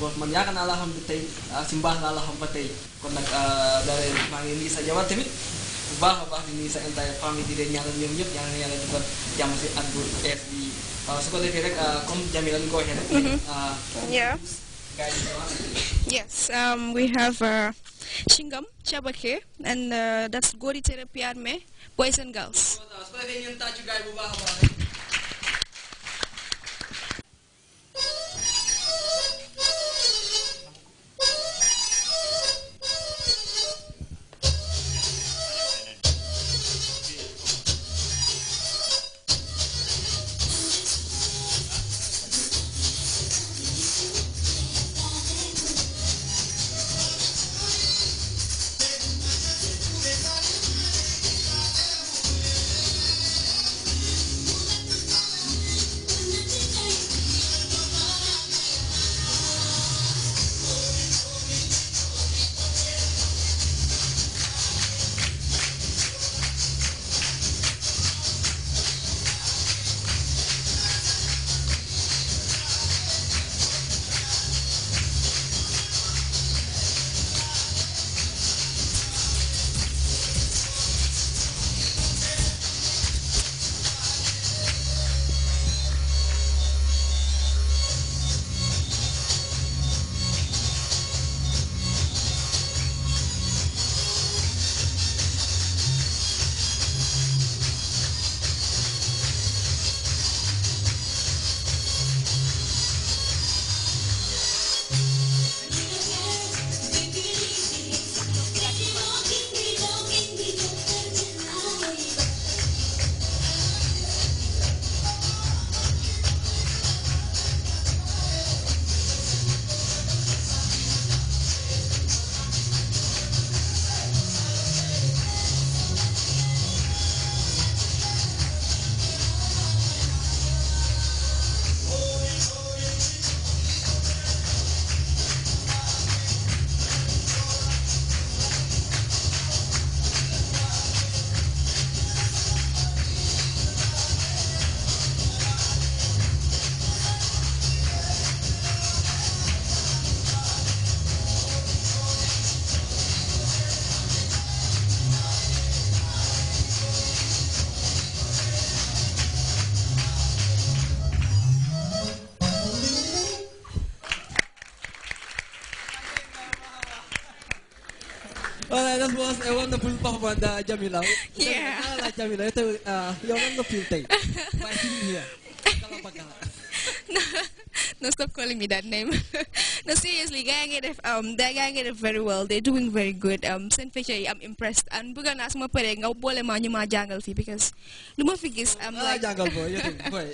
kuat ya kana laham teh simbah na kan laham teh kon nag eh, dari mangini sa Jawa tapi bah bah ini sa entire family ya. di nyaran nyum nyum yang nyaran juga yang masih adur eh di sekolah direk kom jamilan ko mhm. eh, ya yeah Yes, um, we have uh, Shingam Chabake, and uh, that's Gori Therapy Arme, Boys and Girls. All right, that was a wonderful performance, uh, Jamila. Yeah. I like Jamila. Uh, you're wonderful today. By sitting here. no, no, stop calling me that name. no, seriously, gang it if um they gang it if very well. They're doing very good. Um send feature I'm impressed. And bukan na sama pare ngaw boleh ma nyuma jangal fi because luma fi gis I'm like jangal boy. Boy.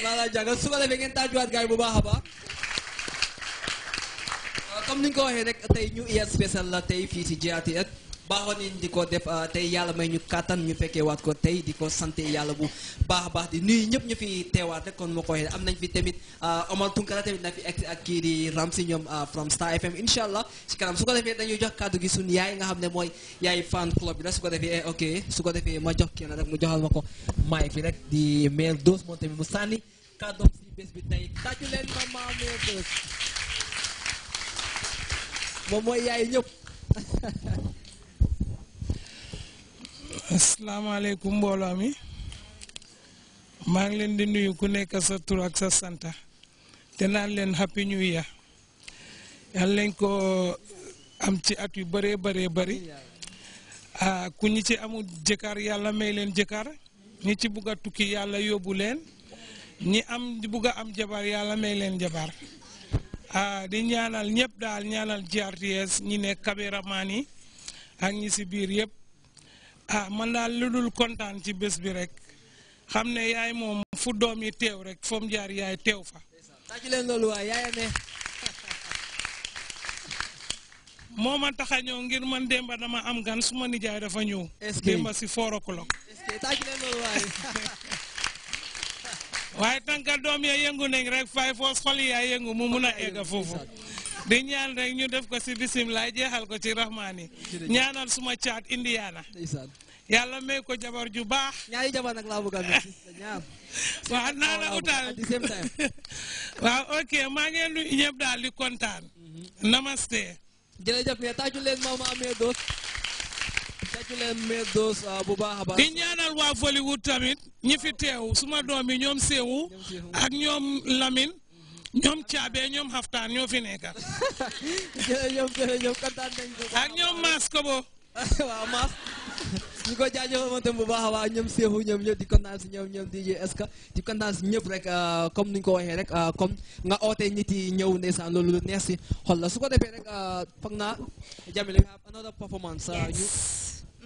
Mala jangal suka le pengen tajuat gay bu comme ni ko waxee rek tay ñu IS spécial la tey fii si GRTS baaxoon nañ di ko def tay yalla may ñu katan ñu féké waat ko tay di ko yalla bu baax baax di nuy ñëpp ñu fi téwaat rek kon moko waxé am nañ fi tamit Omar Tunkara tamit na fi egg ak ki di Ramsi ñom from Star FM inshallah ci kanam su ko defee dañuy jox cadeau gi sun yaay nga xamné moy yaay fan club bi la su ko ok su ko defee ma jox kenn rek mu joxal mako may fi rek di mail dos mo tamit mu sani cadeau si bes bi tey tàccu ma moom mooy yaay ñëpp. asalaamaaleykum mbooloo mi maa ngi leen di nuyu ku nekk sa tur ak sa santa te naan leen happy new year yal nañ ko am ci at yu bëree bëree bëri ah, ku ñi ci amul jëkkër yàlla may leen jëkkër ñi ci bugg a tukki yàlla yóbbu leen ñi am bugg am jabar yàlla may leen jabar. ah di ñaanal ñep dal ñaanal GRTS ñi nek cameraman yi ak ñi ci biir yep ah man dal luddul contane ci bës bi rek xamne yaay mom fu doomi tew rek fam jaar yaay tew fa ta ci leen lolu wa yaay ne moma taxaño ngir man demba dama am gan suma nijaay dafa ñew demba ci waaye tànka doom ya yëngu nañ rek fay foos xol yaa yëngu mu mun a egg di ñaan rek ñu def ko si bisimilah jeexal ko ci rahmaani ñaanal suma caat indiana yàlla may ko jabar ju baax. ñaari jabar nag laa a ñaar. ok maa ngeen lu daal di kontaan. Mhm. namaste. jërëjëf di leen bu baax a baax. di ñaanal waa Hollywood tamit ñi fi teew suma doom yi ñoom Seewu ak ñoom Lamine. ñoom caabe ñoom xaftaan ñoo fi nekka jërëjëf jërëjëf kontaan nañ ko ak ñoom maas ko bo waaw maas ñu ko jaajëfal moom tam bu waa ñoom seexu ñoom ñëpp di kontaan si ñoom ñoom DJ Eska di kontaan si ñëpp rek euh, comme ni ñu ko waxee rek euh, comme nga oote nit yi ñëw ndeysaan loolu lu neex si xol la su ko defee rek euh, foog naa jamile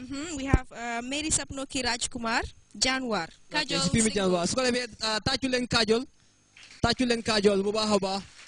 Mm -hmm. We have uh, Mary Sapno ki Rajkumar, Janwar. Kajol. Kajol. Kajol. Kajol. Kajol. Kajol. Kajol. Kajol. Kajol. Kajol. Kajol. Kajol. Kajol. Kajol.